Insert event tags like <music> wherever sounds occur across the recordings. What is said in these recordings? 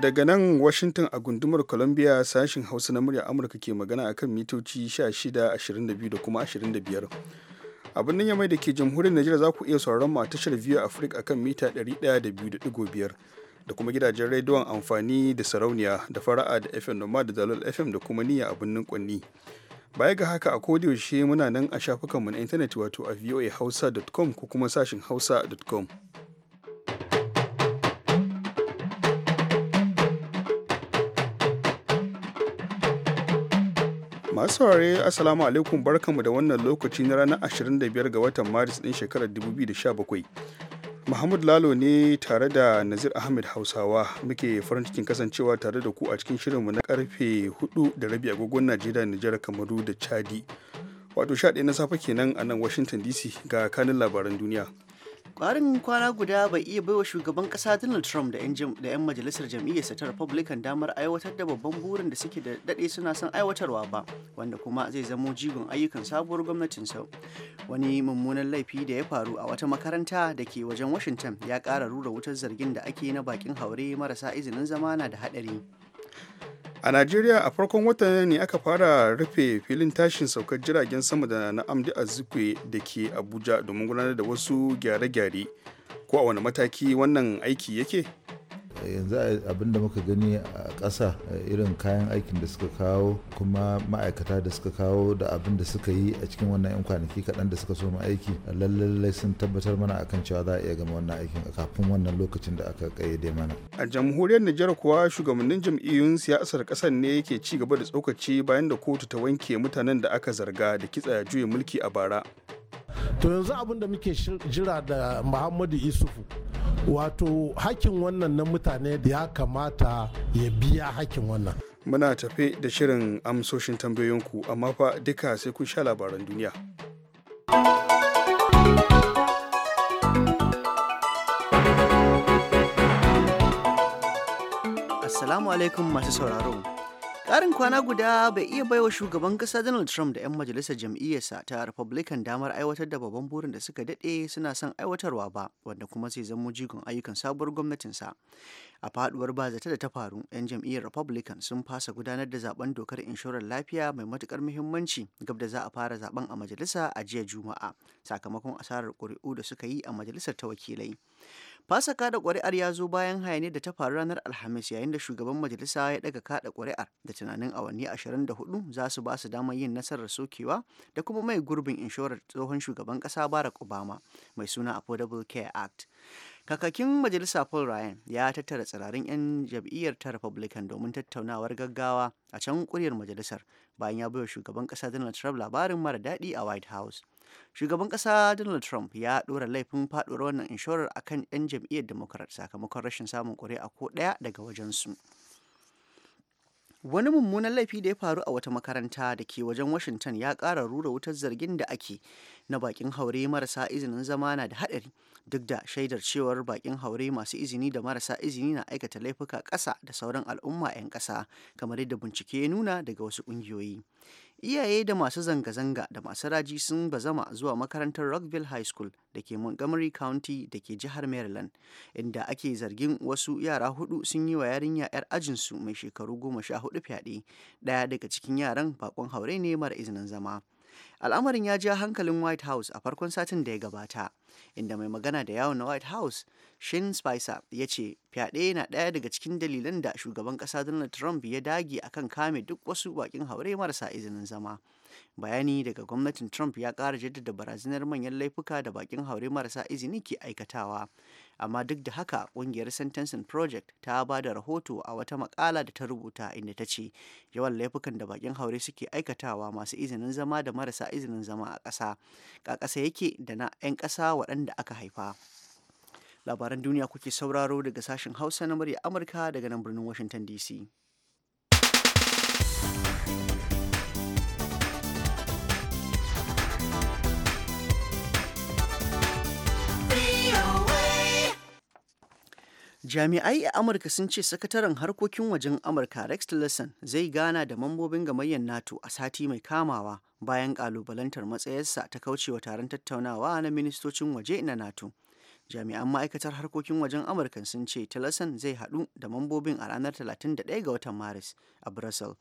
Daga nan Washington a gundumar Columbia sashen Hausa na murya Amurka ke magana akan mitoci 16, 22 da kuma 25. Abin nan mai da ke jamhuriyar Najeriya za ku iya sauraron mu a tashar View Africa akan mita 102.5 da kuma gidajen rediyon amfani da sarauniya da fara'a da FM Noma da Dalol FM da kuma niyya a birnin Kwanni. Baya ga haka a yaushe muna nan a shafukanmu na intanet wato a voahausa.com ko kuma sashin hausa.com. masu saurare asalamu alaikum barkanmu da wannan lokaci na ranar 25 ga watan maris din shekarar 2017 Muhammad Lalo ne tare da Nazir Ahmed Hausawa muke farin cikin kasancewa tare da ku a cikin shirinmu na karfe 4 da rabi agogon Najeriya, Nijar, Kamaru da Chadi. Wato 11 na safe kenan a nan Washington DC ga kanin labaran duniya. Barin kwana guda bai iya baiwa shugaban kasa Donald Trump da 'yan majalisar jam'iyyarsa ta Republican damar aiwatar da babban burin da suke da daɗe suna son aiwatarwa ba, wanda kuma zai zamo jigon ayyukan sabuwar gwamnatin gwamnatinsa. Wani mummunan laifi da ya faru a wata makaranta da ke wajen Washington ya ƙara rura wutar zargin da ake na bakin haure marasa izinin zama na da haɗari. a najeriya a farkon watan ne aka fara rufe filin tashin saukar jiragen sama da na amdi azikwe da ke abuja domin gudanar da wasu gyare-gyare ko a wani mataki wannan aiki yake yanzu abinda muka gani a ƙasa irin kayan aikin da suka kawo kuma ma'aikata da suka kawo da abin da suka yi a cikin wannan 'yan kwanaki kaɗan da suka so mu aiki lallai sun tabbatar mana akan cewa za a iya gama wannan aikin kafin wannan lokacin da aka kai kayyade mana a jamhuriyar nijar kuwa shugabannin jam'iyyun siyasar ƙasar ne yake ci gaba da tsokaci bayan da kotu ta wanke mutanen da aka zarga da kitsa juya mulki a bara to yanzu abin da muke jira da muhammadu isufu wato hakkin wannan na mutane da ya kamata ya biya hakkin wannan muna tafe da shirin amsoshin tambayoyinku amma fa duka sai kun sha labaran duniya assalamu alaikum masu sauraro Tsarin kwana guda bai iya baiwa shugaban kasa Donald Trump da 'yan majalisar jam'iyyarsa ta Republican damar aiwatar da babban burin da suka daɗe suna son aiwatarwa ba, wanda kuma zai zamo jigon ayyukan sabuwar gwamnatinsa. A faduwar zata da ta faru, 'yan jam'iyyar Republican sun fasa gudanar da zaben dokar inshorar lafiya mai matukar muhimmanci gab da za a fara zaben a majalisa a jiya Juma'a, sakamakon asarar ƙuri'u da suka yi a majalisar ta wakilai. Fasaka da ƙuri'ar ya zo bayan hayani da ta faru ranar Alhamis yayin da shugaban majalisa ya daga kada ƙuri'ar da tunanin awanni 24 za su ba su damar yin nasarar sokewa da kuma mai gurbin inshorar tsohon shugaban ƙasa Barack Obama mai suna Affordable Care Act. Kakakin majalisa Paul Ryan ya tattara tsirarin 'yan jam'iyyar ta Republican domin tattaunawar gaggawa a can kuryar majalisar bayan ya baiwa shugaban ƙasa Donald Trump labarin mara daɗi a White House. shugaban ƙasa donald trump ya ɗora laifin faɗuwar wannan inshorar akan 'yan jam'iyyar democrat sakamakon rashin samun ƙuri'a ko ɗaya daga wajensu wani mummunan laifi da ya faru a wata makaranta da ke wajen washington ya ƙara rura wutar zargin da ake na bakin haure marasa izinin zama na da haɗari duk da shaidar cewar bakin haure masu izini da marasa izini na aikata laifuka ƙasa da sauran al'umma 'yan ƙasa kamar yadda bincike ya nuna daga wasu ƙungiyoyi iyaye da masu zanga-zanga da masu raji sun bazama zuwa makarantar rockville high school da ke montgomery county da ke jihar maryland inda ake zargin wasu yara hudu sun yi wa yarinya 'yar ajinsu mai shekaru goma sha hudu fyaɗe ɗaya daga cikin yaran bakon haure ne mara izinin zama al'amarin ya ja hankalin white house a farkon satin da ya gabata inda mai magana da yawon na white house Shin Spicer ya ce fyaɗe na ɗaya daga cikin dalilan da shugaban ƙasa Donald Trump ya dage akan kame duk wasu baƙin haure marasa izinin zama. Bayani daga gwamnatin Trump ya ƙara jaddada barazanar manyan laifuka da baƙin haure marasa izini ke aikatawa. Amma duk da haka ƙungiyar Sentencing Project ta ba da rahoto a wata maƙala da ta rubuta inda ta ce yawan laifukan da baƙin haure suke aikatawa masu izinin zama da marasa izinin zama a ƙasa. Ƙaƙasa yake da na 'yan ƙasa waɗanda aka haifa. labaran duniya kuke sauraro daga sashen hausa na murya amurka daga nan birnin washington dc jami'ai a amurka sun ce sakataren harkokin wajen amurka rex tillerson zai gana da mambobin gamayyar nato a sati mai kamawa bayan kalubalantar matsayarsa ta kaucewa taron tattaunawa na ministocin waje na nato jami'an ma'aikatar harkokin wajen amurka sun ce tillerson zai haɗu da mambobin a ranar 31 ga watan maris a brussels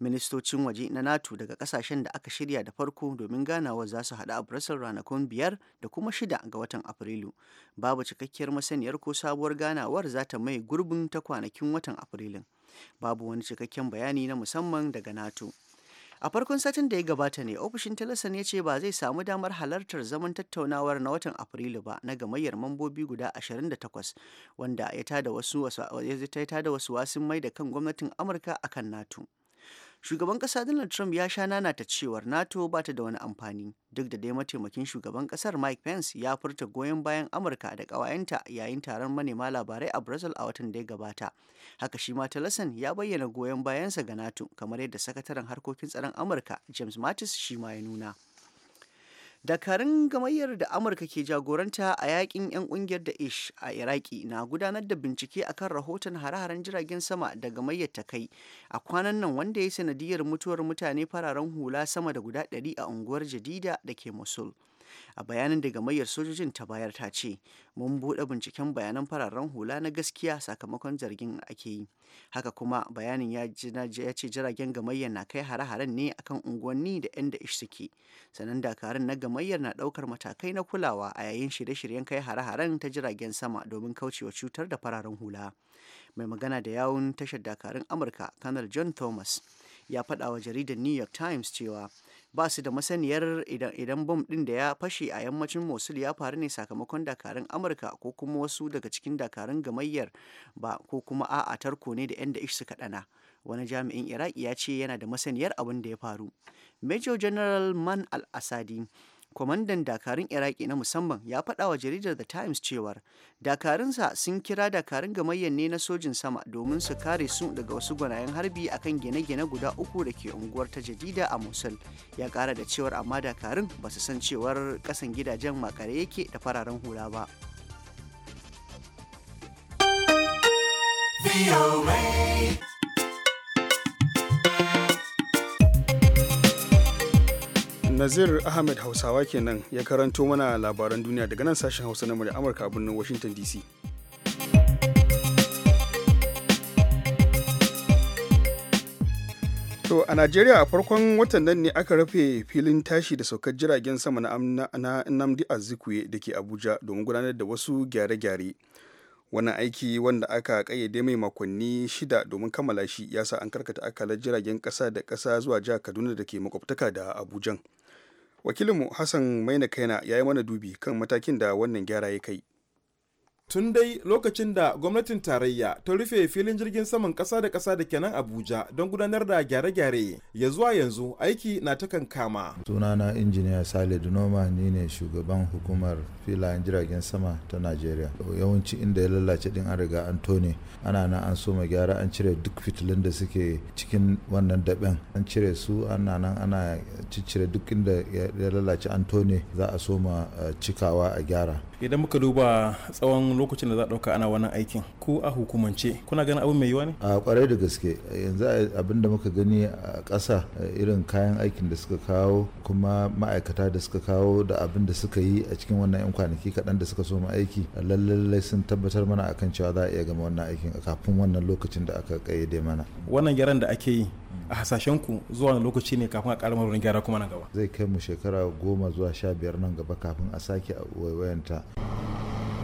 ministocin waje na nato daga kasashen da aka shirya da farko domin ganawar za su haɗu a brussels ranakun biyar da kuma shida ga watan afrilu babu cikakkiyar masaniyar ko sabuwar ganawar za ta mai gurbin ta kwanakin watan afrilun babu wani cikakken bayani na musamman daga nato a farkon satin da ya gabata ne ofishin talasan ya ce ba zai samu damar halartar zaman tattaunawar na watan afrilu ba na gamayyar mambobi guda 28 wanda ya da wasu wasu wasu mai da kan gwamnatin amurka akan nato Shugaban ƙasa Donald Trump ya sha nanata cewar NATO ba ta da wani amfani, duk da dai mataimakin shugaban ƙasar Mike Pence ya furta goyon bayan Amurka da ƙawayenta yayin taron manema labarai a Brazil a watan da ya gabata. Haka shi ma Tillerson ya bayyana goyon bayansa ga NATO, kamar yadda sakataren harkokin tsaron Amurka James Mattis shi ma ya nuna. dakarun gamayyar da amurka ke jagoranta a yakin 'yan kungiyar da ish a iraki na gudanar da bincike akan rahoton hare-haren jiragen sama da gamayyar ta kai a kwanan nan wanda ya sanadiyar mutuwar mutane fararen hula sama da guda 100 a unguwar jadida da ke mosul a bayanin da gamayyar sojojin ta bayar ta ce mun buɗe binciken bayanan fararen hula na gaskiya sakamakon zargin ake yi haka kuma bayanin ya ce jiragen gamayyar na kai hare-haren ne akan unguwanni da 'yan da ish suke sanan dakarun na gamayyar na ɗaukar matakai na kulawa a yayin shirye-shiryen kai hare-haren ta jiragen sama domin kaucewa cutar da fararen hula mai magana da yawun tashar dakarun amurka kanar john thomas ya faɗa wa jaridar new york times cewa ba su da masaniyar idan bom ɗin da ya fashe a yammacin mosul ya faru ne sakamakon dakarun amurka ko kuma wasu daga cikin dakarun gamayyar ba ko kuma a'a tarko ne da 'yan da ish suka ɗana wani jami'in iraki ya ce yana da masaniyar abin da ya faru major general man al-asadi kwamandan dakarun iraki na musamman ya faɗa wa jaridar the times cewar dakarunsa sun kira dakarun gamayyar ne na sojin sama domin su kare su daga wasu gwanayen harbi akan gine-gine guda uku da ke unguwar ta jadida a mosul ya kara da cewar amma dakarun ba su san cewar kasan gidajen makare yake da fararen hula ba Nazir Ahmed Hausawa kenan ya karanto mana labaran duniya daga nan sashen Hausa na murya Amurka a birnin Washington DC. To a Najeriya a farkon watan nan ne aka rufe filin tashi da saukar jiragen sama na Nnamdi azikwe da ke Abuja domin gudanar da wasu gyare-gyare. Wannan aiki wanda aka kayyade mai makonni shida domin kammala shi ya sa an karkata akalar jiragen ƙasa da kasa zuwa jihar Kaduna da ke makwabtaka da abuja. wakilinmu hassan maina kaina ya yi mana dubi kan matakin da wannan gyara ya kai tun dai lokacin da gwamnatin tarayya ta rufe filin jirgin saman kasa da kasa da kenan abuja don gudanar da gyare-gyare ya zuwa yanzu aiki na ta kankama sunana injiniya sale dunoma ni ne shugaban hukumar filayen jiragen sama ta najeriya yawanci inda ya lalace din an riga an tone ana na an soma gyara an cire duk fitilun da suke cikin wannan daben an cire su ana nan ana ciccire duk inda ya lalace an tone za a soma eh, cikawa a gyara idan muka duba tsawon lokacin da za a ɗauka ana wannan aikin ko a hukumance kuna gani abin mai yiwa ne a kwarai da gaske yanzu abin da muka gani a ƙasa irin kayan aikin da suka kawo kuma ma'aikata da suka kawo da abin da suka yi a cikin wannan 'yan kwanaki kaɗan da suka so mu aiki lallai sun tabbatar mana akan cewa za a iya gama wannan aikin kafin wannan lokacin da aka kayyade mana wannan gyaran da ake yi a hasashen ku zuwa lokaci ne kafin a ƙara marmarin gyara kuma na gaba zai kai mu shekara goma zuwa sha biyar nan gaba kafin a sake waiwayanta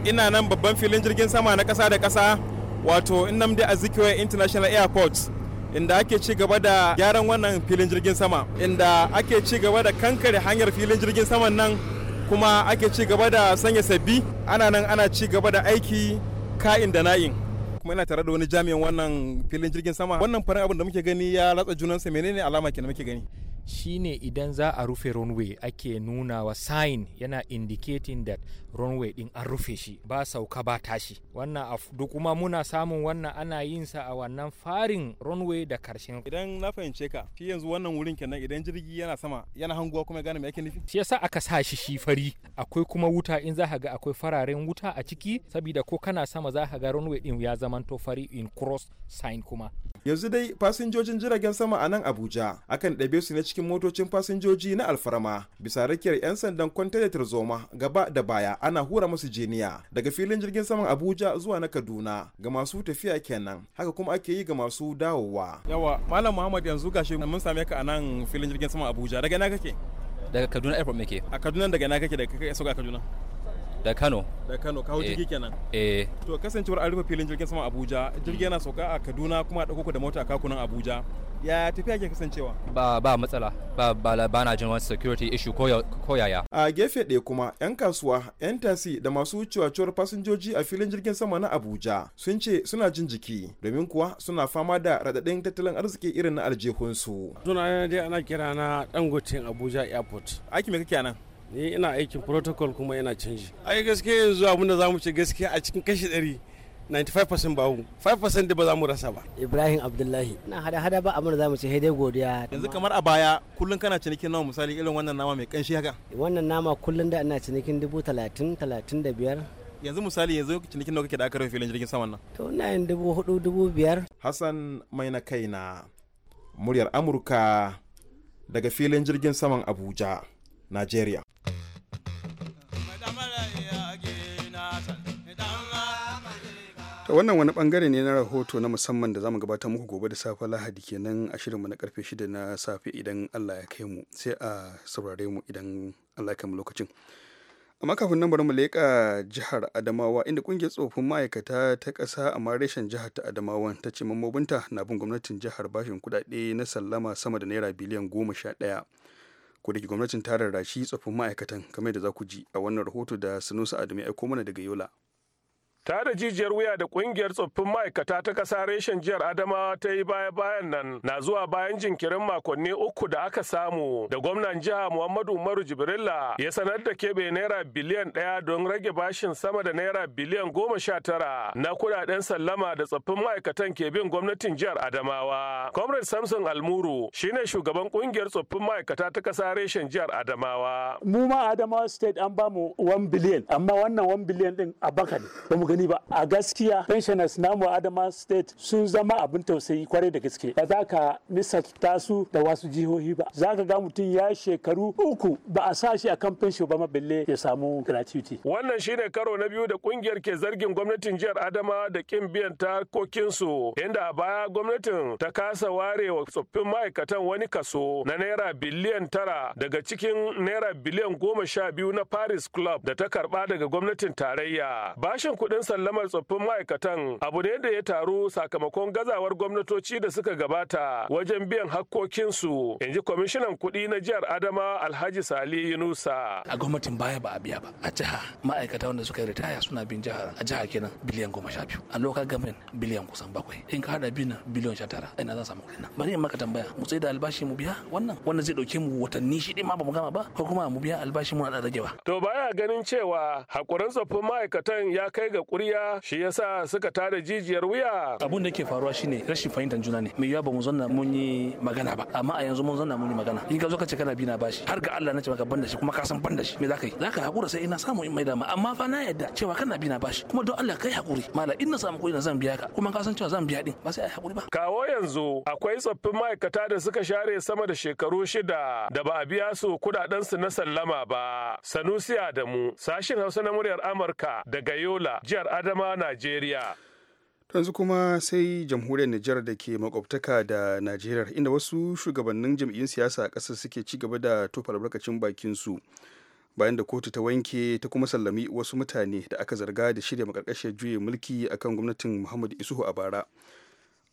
ina nan babban filin jirgin sama na ƙasa da kasa wato nnamdi azikiwa international airport inda ake ci gaba da gyaran wannan filin jirgin sama inda ake ci gaba da kankare hanyar filin jirgin saman nan kuma ake ci gaba da sanya sabbi ana nan ana ci gaba da aiki ka'in da na'in kuma ina tare da wani jami'in wannan filin jirgin sama wannan farin abin da muke gani ya latsa junansa menene alama kenan muke gani shine idan za a rufe runway ake nuna wa sign yana indicating that runway din an rufe shi ba sauka ba tashi wannan duk kuma muna samun wannan ana yin sa a wannan farin runway da karshen idan na fahimce ka shi yanzu wannan wurin kenan idan jirgi yana sama yana hanguwa kuma gane me yake nufi shi yasa aka sa shi shi fari akwai kuma wuta in za ka ga akwai fararen wuta a ciki saboda ko kana sama za ka ga runway din ya zamanto fari in cross sign kuma yanzu dai fasinjojin jiragen sama a nan abuja akan ɗabe su ne cikin motocin fasinjoji na alfarma bisa rakiyar 'yan sandan da tarzoma gaba da baya ana hura musu jiniya daga filin jirgin saman abuja zuwa na kaduna ga masu tafiya kenan haka kuma ake yi ga masu dawowa yawa malam muhammad yanzu gashi mun same ka a nan filin jirgin saman abuja daga ina kake daga kaduna airport ke a kaduna daga ina kake daga kai sauka kaduna da kano da kano ka jirgi eh. kenan eh to kasancewar an rufe filin jirgin sama abuja jirgi yana sauka a kaduna kuma a ɗauko da mota kakunan abuja ya tafiya ke kasancewa ba ba matsala ba ba, ba na jin wani security issue ko yaya a gefe ɗaya kuma yan kasuwa yan tasi da masu wucewar fasinjoji a filin jirgin sama na abuja sun ce suna jin jiki domin kuwa suna fama da radadin tattalin arziki irin na aljihunsu suna dai ana kira na dangoten abuja airport aiki me kake nan ni ina aikin protocol kuma ina canji ai gaskiya yanzu abinda za mu ce gaskiya a cikin kashi ɗari 95% ba 5% da ba za mu rasa ba. Ibrahim Abdullahi. Ina hada-hada ba abin da za mu ce dai godiya. Yanzu kamar a baya kullum kana cinikin nawa misali irin wannan nama mai kanshi haka? Wannan nama kullum da ina cinikin dubu talatin talatin da biyar. Yanzu misali yanzu cinikin nawa kake da aka filin jirgin saman nan? To ina yin dubu hudu dubu biyar. Hassan mai na kai na muryar Amurka daga filin jirgin saman Abuja, Najeriya. wannan wani bangare ne na rahoto na musamman da zamu gabatar muku gobe da safe lahadi kenan a shirinmu na karfe shida na safe idan allah ya kai mu sai a saurare mu idan allah ya kai mu lokacin amma kafin nan bari mu leƙa jihar adamawa inda kungiyar tsofin ma'aikata ta ƙasa a mareshen jihar ta adamawa ta ce mambobinta na bin gwamnatin jihar bashin kuɗaɗe na sallama sama da naira biliyan goma sha ɗaya ko da gwamnatin ta rashi tsofin ma'aikatan kamar da za ku ji a wannan rahoto da sanusa adamu ya aiko mana daga yola ta da jijiyar wuya da kungiyar tsoffin ma'aikata ta ƙasa reshen jihar adamawa ta yi baya bayan nan na zuwa bayan jinkirin makonni uku da aka samu da gwamnan jiha muhammadu umaru jibrilla ya sanar da keɓe naira biliyan ɗaya don rage bashin sama da naira biliyan goma sha tara na kudaden sallama da tsoffin ma'aikatan ke bin gwamnatin jihar adamawa comrade samson almuru shine shugaban kungiyar tsoffin ma'aikata ta kasa reshen jihar adamawa mu ma adamawa state an ba mu 1 biliyan amma wannan 1 biliyan din a baka ne gani ba a gaskiya pensioners namu adama state sun zama abin tausayi kwarai da gaske ba za ka misalta su da wasu jihohi ba za ka ga mutum ya shekaru uku ba a sa shi a kan pension ba mabille ya samu gratuity wannan shine karo na biyu da kungiyar ke zargin gwamnatin jihar adama da kin biyan takokinsu inda a baya gwamnatin ta kasa ware wa tsoffin ma'aikatan wani kaso na naira biliyan tara daga cikin naira biliyan goma sha biyu na paris club da ta karba daga gwamnatin tarayya bashin kuɗin domin sallamar tsoffin ma'aikatan abu ne da ya taru sakamakon gazawar gwamnatoci da suka gabata wajen biyan hakkokinsu in ji kwamishinan kuɗi na jihar adama alhaji sali yunusa a gwamnatin baya ba a biya ba a jiha ma'aikata wanda suka ritaya suna bin jihar a jiha kenan biliyan goma sha biyu a local government biliyan kusan bakwai in ka hada na biliyan sha tara ina zan samu kuɗin bari in maka tambaya mu tsaye da albashi mu biya wannan wannan zai ɗauke mu watanni shi ma ba mu gama ba ko kuma mu biya albashi mu na ragewa to baya ganin cewa hakurin tsoffin ma'aikatan ya kai ga ƙuriya shi yasa suka tada jijiyar wuya abun da ke faruwa shine rashin fahimtar juna ne mai yawa ba mu zanna mun yi magana ba amma a yanzu mun zanna mun yi magana in ka zo ka ce kana bi na bashi har ga Allah na ce maka banda shi kuma ka san banda shi me zaka yi zaka hakura sai ina samu in mai ma? amma fa na yadda cewa kana bi na bashi kuma don Allah kai hakuri mala in na samu kuɗi na zan biya ka kuma ka san cewa zan biya din ba sai ai hakuri ba kawo yanzu akwai tsoffin ma'aikata da suka share sama da shekaru shida da ba a biya su kuɗaɗen su na sallama ba sanusi adamu sashin hausa na muryar amurka daga yola jihar jihar Adama, Najeriya. yanzu kuma sai jamhuriyar Nijar da ke makwabtaka da Najeriya inda wasu shugabannin jam'iyyun siyasa a ƙasar suke ci gaba da tofa albarkacin bakin su bayan da kotu ta wanke ta kuma sallami wasu mutane da aka zarga da shirya makarkashiyar juye mulki akan gwamnatin Muhammadu Isuhu a bara.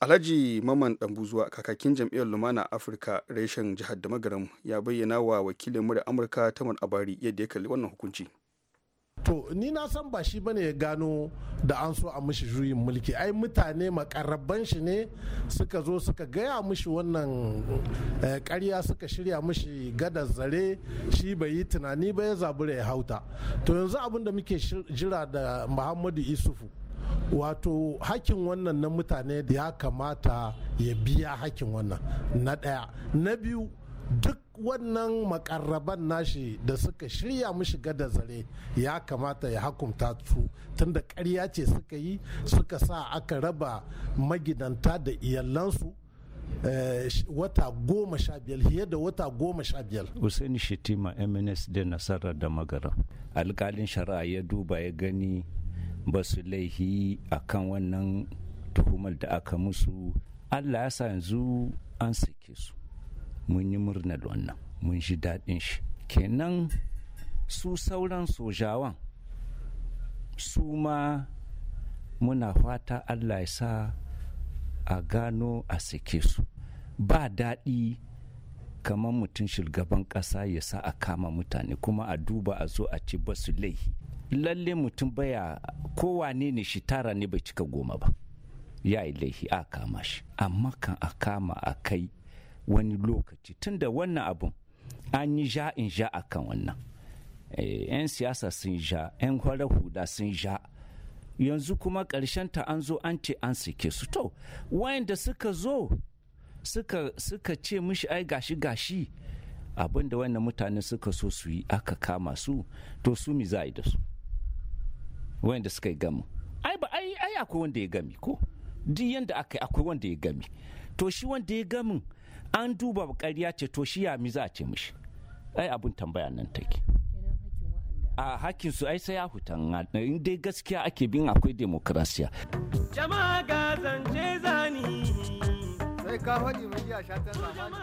Alhaji Maman danbuzuwa kakakin jam'iyyar Lumana Afirka reshen jihar Damagaram ya bayyana wa wakilin mura Amurka Tamar Abari yadda ya kalli wannan hukunci. to ni na san ba shi bane ya gano da an so a mishi juyin mulki ai mutane makarraban shi ne suka zo suka gaya mishi wannan karya eh, suka shirya mishi gada zare shi bai yi tunani ba ya zabura ya hauta to yanzu abin da muke jira da muhammadu isufu wato hakin wannan na mutane da ya kamata ya biya hakin wannan na ɗaya na biyu duk wannan makarraban nashi da suka shirya mushi gada zare ya kamata ya hakumta su tunda karya ce suka yi suka sa aka raba magidanta da iyalansu eh, wata goma sha biyar fiye da wata goma sha biyar. Hussein Shitima MNS da nasara da magara. Alkalin shari'a ya duba ya gani ba su laihi a kan wannan tuhumar da aka musu. Allah ya sa yanzu an sake su. mun yi murnar wannan mun ji daɗin shi kenan su sauran sojawan su ma muna fata allah ya sa a gano a sake su ba daɗi kamar mutum shugaban ƙasa ya sa a kama mutane kuma a duba a zo a ci basu su laihi lalle mutum baya kowane ne shi tara ne bai cika goma ba ya yi laihi a kama shi amma kan a kama a kai wani lokaci tunda wannan abun an yi ja in ja a kan wannan eh, yan siyasa sun ja yan kwarar huda sun ja yanzu kuma karshen ta an zo an ce an sike su to wayanda suka zo suka, suka ce mishi ai gashi gashi abin da wannan mutane suka so su yi aka kama su to su mi za a yi da su wayanda suka yi gami ai ba ai akwai wanda ya gami ko duk yanda aka yi akwai wanda ya gami to shi wanda ya gamin an duba karya ce to shi ya mi za a ce mishi ai abun tambaya nan take a hakin su ai sai ya hutan in dai gaskiya ake bin akwai demokrasiya jama'a ga zance zani sai ka faɗi mai iya shatan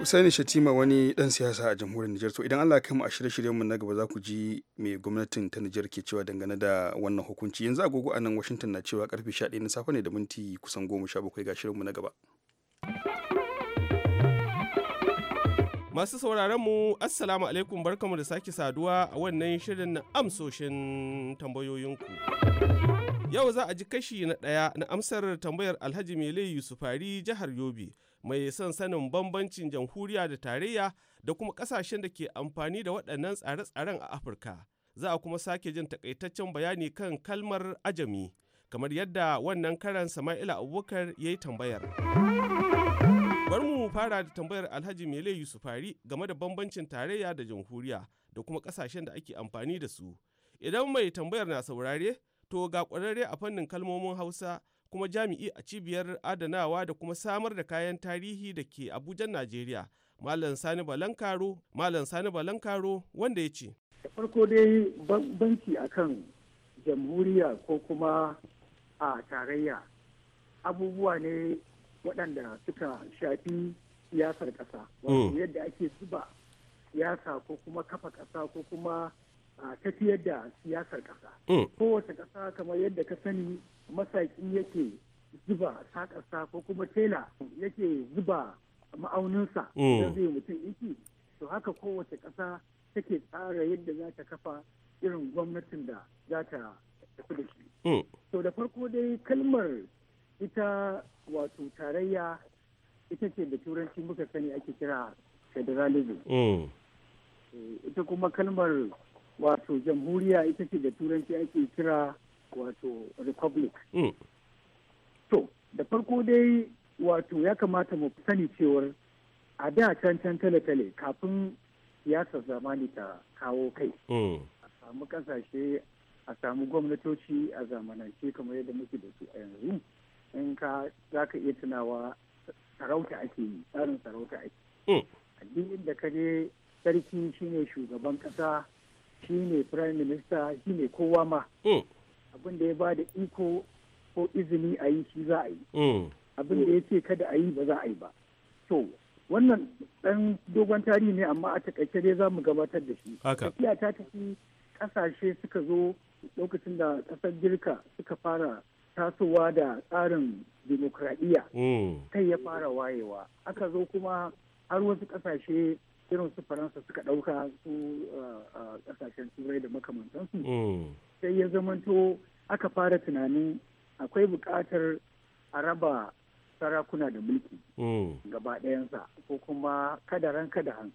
Usaini Shatima wani dan siyasa a jamhuriyar Nijar to idan Allah ya kaimu a shirye-shiryen mu na gaba za ku ji me gwamnatin ta Nijar ke cewa dangane da wannan hukunci yanzu agogo a nan Washington na cewa karfe 11 na safe ne da minti kusan 17 ga shirin mu na gaba. Masu sauraron mu Assalamu alaikum barkamu da sake saduwa a wannan shirin na amsoshin tambayoyinku. Yau za a ji kashi na ɗaya na amsar tambayar Alhaji Mele Yusufari jihar Yobe mai son sanin bambancin jamhuriya da tarayya da kuma ƙasashen da ke amfani da waɗannan tsare-tsaren a Afirka. Za a kuma sake jin takaitaccen bayani kan kalmar ajami kamar yadda wannan karan Sama'ila Abubakar ya yi tambayar. bar mu fara da tambayar Alhaji Mele Yusufari game da bambancin tarayya da jamhuriya da kuma kasashen da ake amfani da su. Idan mai tambayar na saurare, to ga ƙwararre a fannin kalmomin Hausa kuma jami'i a cibiyar adanawa da kuma samar da kayan tarihi da ke abujan Najeriya. Malam Sani Balankaro, Malam Sani Balankaro wanda ya ce. farko dai banki akan jamhuriya ko kuma a tarayya abubuwa ne waɗanda suka shafi siyasar ƙasa wato mm. yadda ake zuba siyasa ko kuma kafa ƙasa ko kuma tafiyar da siyasar ƙasa mm. kowace ƙasa kamar yadda ka sani masaƙi yake zuba saƙarsa ko kuma tela yake zuba ma'auninsa mm. don zai mutum iki to haka kowace ƙasa take tsara yadda za ta kafa irin gwamnatin da za ta tafi da shi to da farko dai kalmar ita wato tarayya ita ce da turanci muka sani ake kira federalism mm. eh, ita kuma kalmar wato jamhuriya ita ce da turanci ake kira wato republic mm. to da farko dai wato ya kamata mu sani cewar a da can can tale-tale kafin siyasar zamani ta kawo kai mm. a samu kasashe a samu gwamnatoci a zamanance kamar yadda muke da su a yanzu in ka za ka iya tunawa sarauta ake yi tsarin sarauta ake hmm. addinin da ka ne sarki shine shugaban kasa shine prime minister shine kowa ma hmm. abin da ya ba da iko ko izini a yi shi za a yi hmm. abin da ya ce kada a yi ba za a yi ba to wannan dan dogon tarihi ne amma a takaice dai za mu gabatar da shi tafiya ta tafi kasashe suka zo lokacin da kasar girka suka fara tasowa da tsarin demokradiyya hmm. kai ya fara wayewa aka zo kuma har wasu kasashe irin su faransa suka ɗauka su kasashen uh, uh, turai da makamantansu hmm. sai ya zamanto aka fara tunanin akwai bukatar a raba sarakuna da mulki hmm. gaba ɗayansa ko kuma kada ran kada han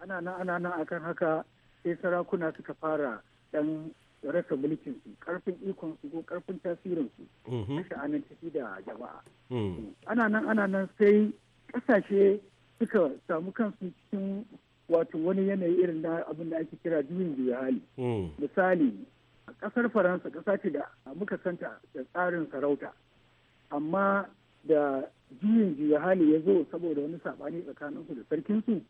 ana nan ana nan akan haka sai sarakuna suka fara dan rasa mulkin su karfin ikon su ko karfin tasirin su na mhm. sha'anin ciki da jama'a mm. ana nan ana nan sai ƙasashe suka samu kansu cikin wato wani yanayi irin na abin da ake kira juyin juya hali mm. misali a ƙasar faransa ƙasa ce da muka santa da tsarin sarauta amma da juyin juya hali ya zo saboda wani saɓani tsakaninsu da sarkinsu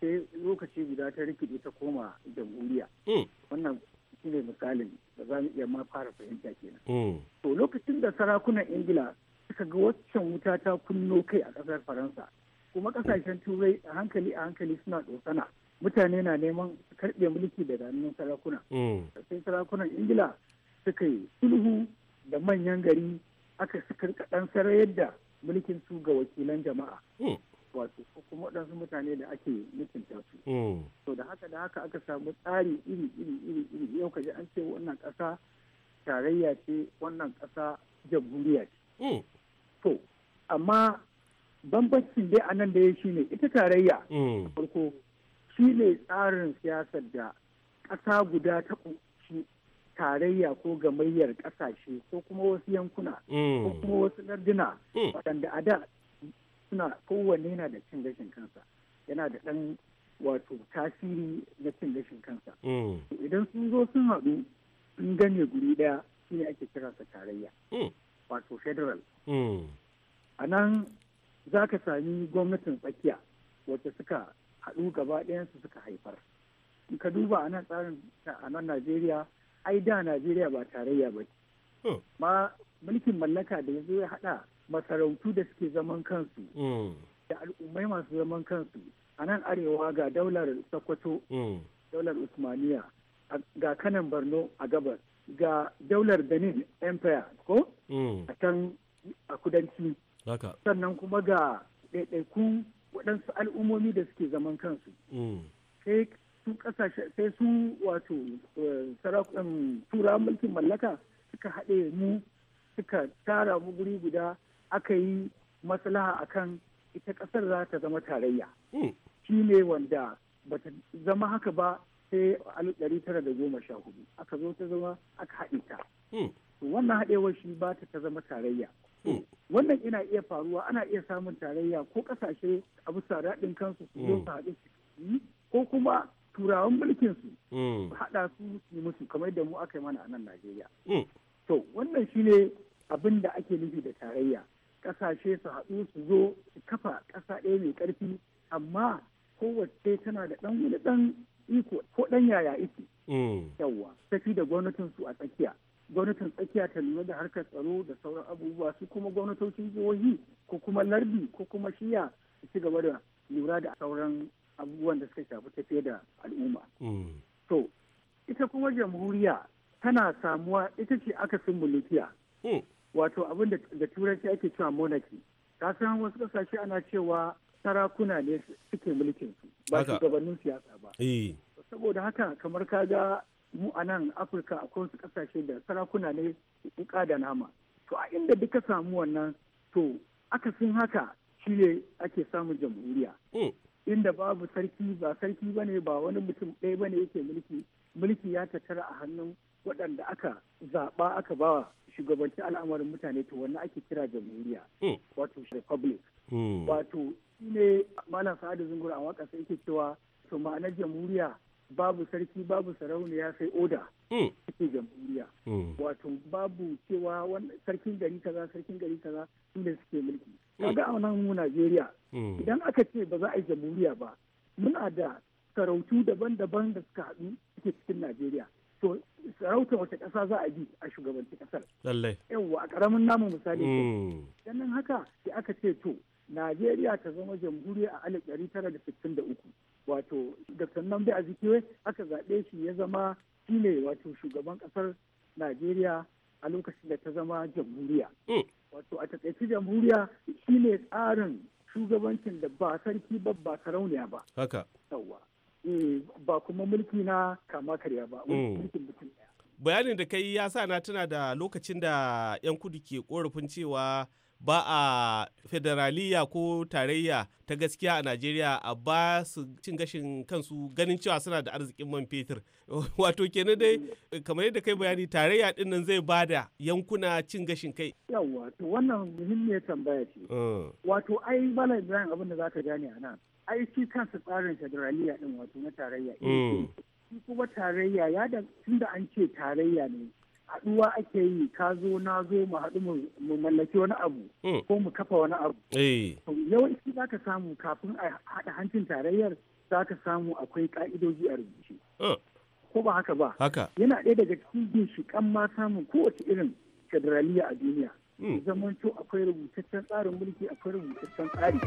sai lokaci guda ta rikide ta koma jamhuriya mm. wannan shi ne misalin da za mu iya ma fara fahimta kenan. Mm. To lokacin da sarakunan Ingila suka ga waccan wuta ta kunno kai a ƙasar Faransa kuma ƙasashen Turai a hankali a hankali suna ɗosana mutane na neman karɓe mulki daga hannun sarakuna. Mm. Sai sarakunan Ingila suka yi sulhu da manyan gari aka suka ɗan sarayar da mulkin su ga wakilan jama'a. Mm. wato kuma waɗansu mutane da ake mutunta su. Mm. To da haka da haka aka samu tsari iri iri iri iri yau ka an ce wannan ƙasa tarayya ce wannan ƙasa jamhuriya ce. Mm. To amma bambancin dai a nan da ya shi ne ita tarayya mm. farko shi ne tsarin siyasar da ƙasa guda ta ƙunshi tarayya ko gamayyar ƙasashe ko kuma wasu yankuna ko kuma wasu larduna waɗanda a da suna kowanne yana da cin gashin kansa yana da ɗan wato tasiri na cin gashin kansa mm. idan sun zo sun haɗu sun gane guri ɗaya shine ake kira sa tarayya mm. wato federal mm. a nan za ka sami gwamnatin tsakiya wacce suka haɗu gaba ɗayansu suka haifar in ka duba a nan tsarin a nan najeriya ai da najeriya ba tarayya ba ma mulkin mallaka da ya zo ya haɗa masarautu da suke zaman kansu mm. da al'ummai masu zaman kansu a nan arewa ga daular sokoto mm. daular usmaniya ga kanan borno a gabas ga daular benin empire ko mm. a can a kudanci sannan kuma ga ɗaiɗaikun waɗansu al'ummomi da suke zaman kansu sai su ƙasashe sai su wato eh, sarakunan mulkin mallaka suka haɗe mu suka tara mu guri guda aka yi a kan ita ƙasar za ta zama tarayya hmm. shi ne wanda bata zama haka ba sai a ɗari tara da goma sha hudu aka zo ta zama aka haɗe ta hmm. wannan haɗewar shi ba ta zama tarayya hmm. wannan ina iya faruwa ana iya samun tarayya ko ƙasashe a bisa daɗin kansu su zo su haɗu ko kuma turawan mulkin su haɗa su su musu kamar da mu aka yi mana a nan Najeriya to wannan shine abin da ake nufi da tarayya kasashe su haɗu su zo su kafa ƙasa ɗaya mai ƙarfi amma kowace tana da ɗan wani ɗan iko ko ɗan yaya iko. Mm. Yawwa tafi da gwamnatin su a tsakiya. Gwamnatin tsakiya ta lura da harkar tsaro da sauran abubuwa su kuma gwamnatocin jihohi ko kuma lardi ko kuma shiya su ci gaba da lura da sauran abubuwan da suka shafi tafiya da al'umma. Mm. To ita kuma jamhuriya tana samuwa ita ce aka sun mulkiya. Mm. wato abin da turanci ake cewa monarchy ka san wasu kasashe ana cewa sarakuna ne suke mulkin su ba shugabannin siyasa ba eh. saboda haka kamar ka ga mu a nan afirka akwai wasu kasashe da sarakuna ne wuka da nama to a inda duka samu wannan to akasin haka shi ne ake samun jamhuriya hmm. inda babu sarki ba sarki ba ne ba wani mutum ɗaya ba ne yake mulki mulki ya tattara a hannun waɗanda aka zaɓa aka bawa shugabancin al'amarin mutane to wannan ake kira jamhuriya hmm. wato republic hmm. wato shi ne malam sa'adu zungur a waƙa sai ke cewa to ma'anar jamhuriya babu sarki babu sarauniya sai oda hmm. ake jamhuriya wato babu cewa sarkin gari kaza sarkin gari kaza su ne suke mulki kaga a nan mu Najeriya idan aka ce ba za a yi jamhuriya ba muna da sarautu daban-daban da suka haɗu suke cikin Najeriya to sarauta wata ƙasa za a bi a shugabanci ƙasar. Lallai. Yawwa a ƙaramin namu misali. Sannan mm. haka da aka ce to Najeriya ta zama jamhuriya a alif ɗari tara da sittin da uku. Wato Dr. Nnamdi Azikiwe aka zaɓe shi ya zama shi ne wato shugaban ƙasar Najeriya a lokacin da ta zama jamhuriya. Mm. Wato a taƙaice jamhuriya shi ne tsarin shugabancin da ba sarki ba ba sarauniya ba. Haka. Yawwa. Mm, ba kuma mulki na kama karya ba mm. mulkin mutum bayanin da kai ya sa na tuna da lokacin da 'yan kudu ke korafin cewa ba a federaliya ko tarayya ta gaskiya a najeriya a ba su cin gashin kansu ganin cewa suna da arzikin man fetur <laughs> wato kenan dai kamar yadda kai bayani tarayya din nan zai ba da yankuna cin gashin kai yawa to wannan muhimmiyar tambaya ce mm. wato ai malam ibrahim abin da ka gane a nan ai shi kansa tsarin federaliya din wato na tarayya mm. eh, shi kuma tarayya ya da tunda an ce tarayya ne haduwa ake yi ka zo na zo mu haɗu mu mallaki wani abu mm. ko mu kafa wani abu eh. yawanci za ka samu kafin a haɗa hancin tarayyar za ka samu akwai ka'idoji a rubuce ah. ko ba haka ba yana ɗaya daga cikin ginshiƙan ma samun kowace irin federaliya a duniya mm. zamanto akwai rubutaccen tsarin mulki akwai rubutaccen tsari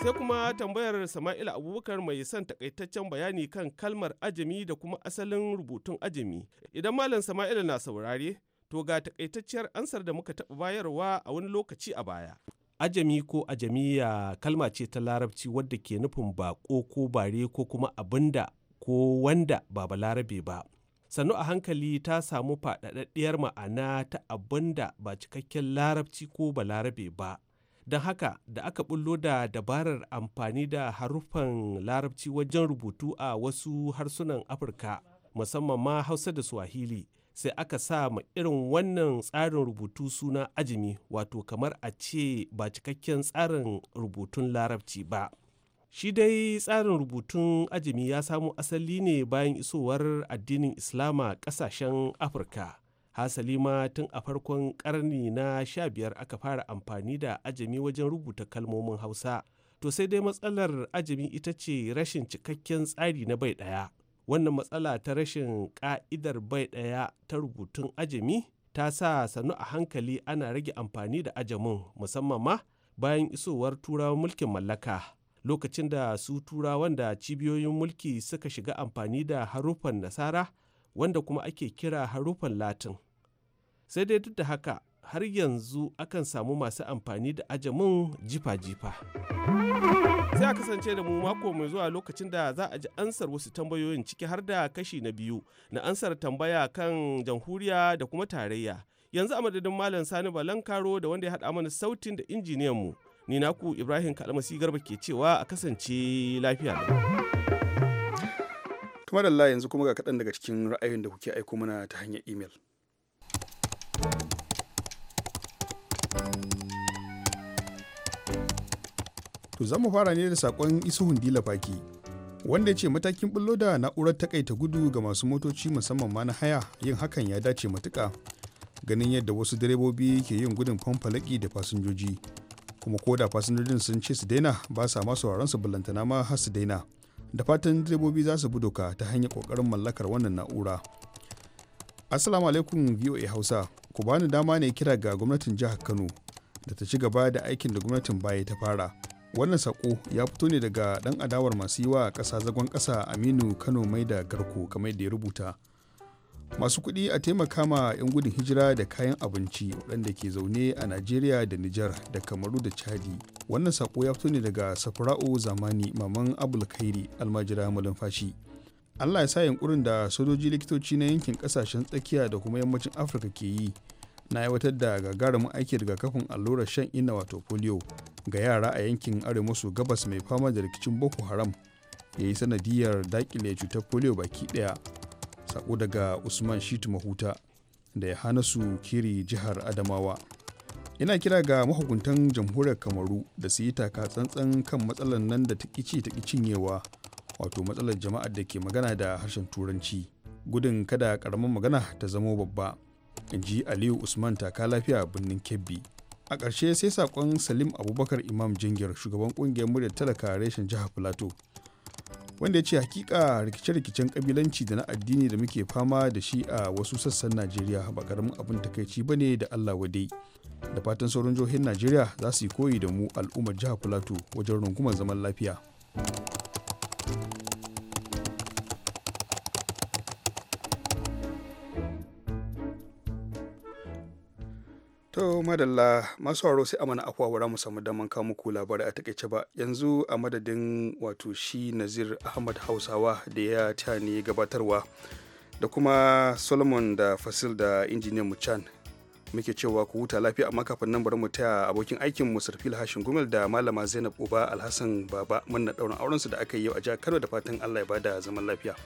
Sai kuma tambayar Sama'il Abubakar mai son takaitaccen bayani kan kalmar ajami da kuma asalin rubutun ajami. Idan Malam Sama'il na saurare, to ga takaitacciyar ansar da muka taɓa bayarwa a wani lokaci a baya. Ajami ko ajamiya kalma ce ta larabci wadda ke nufin baƙo ko bare ko kuma abinda ko wanda ba larabe ba. sannu a hankali ta samu faɗaɗaɗɗiyar ma'ana ta abinda ba cikakken larabci ko balarabe ba don haka da aka bullo da dabarar amfani da haruffan larabci wajen rubutu a wasu harsunan afirka musamman ma hausa da swahili sai aka sa ma irin wannan tsarin rubutu suna ajimi wato kamar a ce ba cikakken tsarin rubutun larabci ba shi dai tsarin rubutun ajimi ya samo asali ne bayan isowar addinin islama ƙasashen afirka hasali ma tun a farkon karni na sha biyar aka fara amfani da ajami wajen rubuta kalmomin hausa to sai dai matsalar ajami ita ce rashin cikakken tsari na bai ɗaya wannan matsala ta rashin ka'idar bai ɗaya ta rubutun ajami ta sa sannu a hankali ana rage amfani da ajamin musamman ma bayan isowar turawan mulkin mallaka lokacin da su turawan da cibiyoyin mulki suka shiga amfani da haruffan nasara wanda kuma ake kira harufan latin sai dai duk da haka har yanzu akan samu masu amfani da ajamin jifa-jifa sai a kasance da mu mako mai zuwa lokacin da za a ji ansar wasu tambayoyin ciki har da kashi na biyu na ansar tambaya kan jamhuriya da kuma tarayya yanzu a madadin malam sani balan karo da wanda ya haɗa mana sautin da injiniyanmu ni naku ibrahim kalmasi garba ke cewa a kasance lafiya kamar Allah yanzu kuma ga kaɗan daga cikin ra'ayin da kuke aiko mana ta hanyar imel. To za mu fara ne da saƙon isuhun dila faki wanda ya ce matakin bullo da na'urar takaita gudu ga masu motoci musamman ma na haya yin hakan ya dace matuka ganin yadda wasu direbobi ke yin gudun fanfalaki da fasinjoji kuma ko da fasinjojin sun ce su daina ba sa masu su bulantana ma har su daina. da fatan direbobi za su bi doka ta hanyar kokarin mallakar wannan na'ura assalamu alaikum voa hausa ku bani dama ne kira ga gwamnatin jihar kano da ta ci gaba da aikin da gwamnatin baya ta fara wannan sako ya fito ne daga dan adawar masu yi wa ƙasa zagon ƙasa aminu kano mai da garko kamar da ya rubuta masu kuɗi a taimaka ma 'yan gudun hijira da kayan abinci waɗanda ke zaune a najeriya da nijar da kamaru da chadi wannan sako ya fito ne daga safrao zamani maman abul kairi almajira malumfashi allah ya sa yankurin da sojoji likitoci na yankin ƙasashen tsakiya da kuma yammacin afirka ke yi na aiwatar da gagarumin aiki daga kafin allurar shan inna wato polio ga yara a yankin arewa maso gabas mai fama da rikicin boko haram ya yi sanadiyar dakile cutar polio baki ɗaya. sako daga usman shitu mahuta da ya hana su kiri jihar adamawa ina kira ga mahukuntan jamhuriyar kamaru da su yi taka tsantsan kan matsalar nan da ta ƙici ta cinyewa wato matsalar jama'ar da ke magana da harshen turanci gudun kada karamin magana ta zamo babba in ji aliyu usman taka lafiya birnin kebbi a ƙarshe sai sakon salim abubakar imam jingir shugaban ƙungiyar muryar talaka reshen jihar plateau wanda ya ce hakika rikice-rikicen kabilanci da na addini da muke fama da shi a wasu sassan najeriya ba karamin abin takaici ba ne da allah wadai da fatan sauran jihohin najeriya za su yi koyi da mu al'ummar jihar plateau wajen rungumar zaman lafiya To madalla masu haro sai amana akwa wara mu samu daman kawo muku labarai a takaice ba yanzu a madadin wato shi Nazir Ahmad Hausawa da ya ta ne gabatarwa da kuma Solomon da Fasil da injiniyan mu Chan muke cewa ku huta lafiya amma kafin nan bari mu taya abokin aikin mu Sarfil Hashin Gumel da malama Zainab Uba Alhassan Baba murna auren su da aka yi yau a jihar Kano da fatan Allah ya bada zaman lafiya.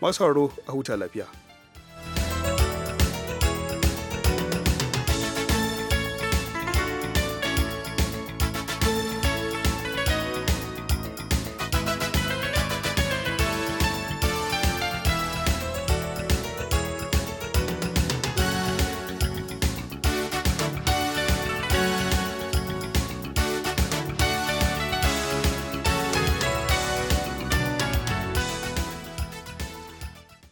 Masu haro a huta lafiya.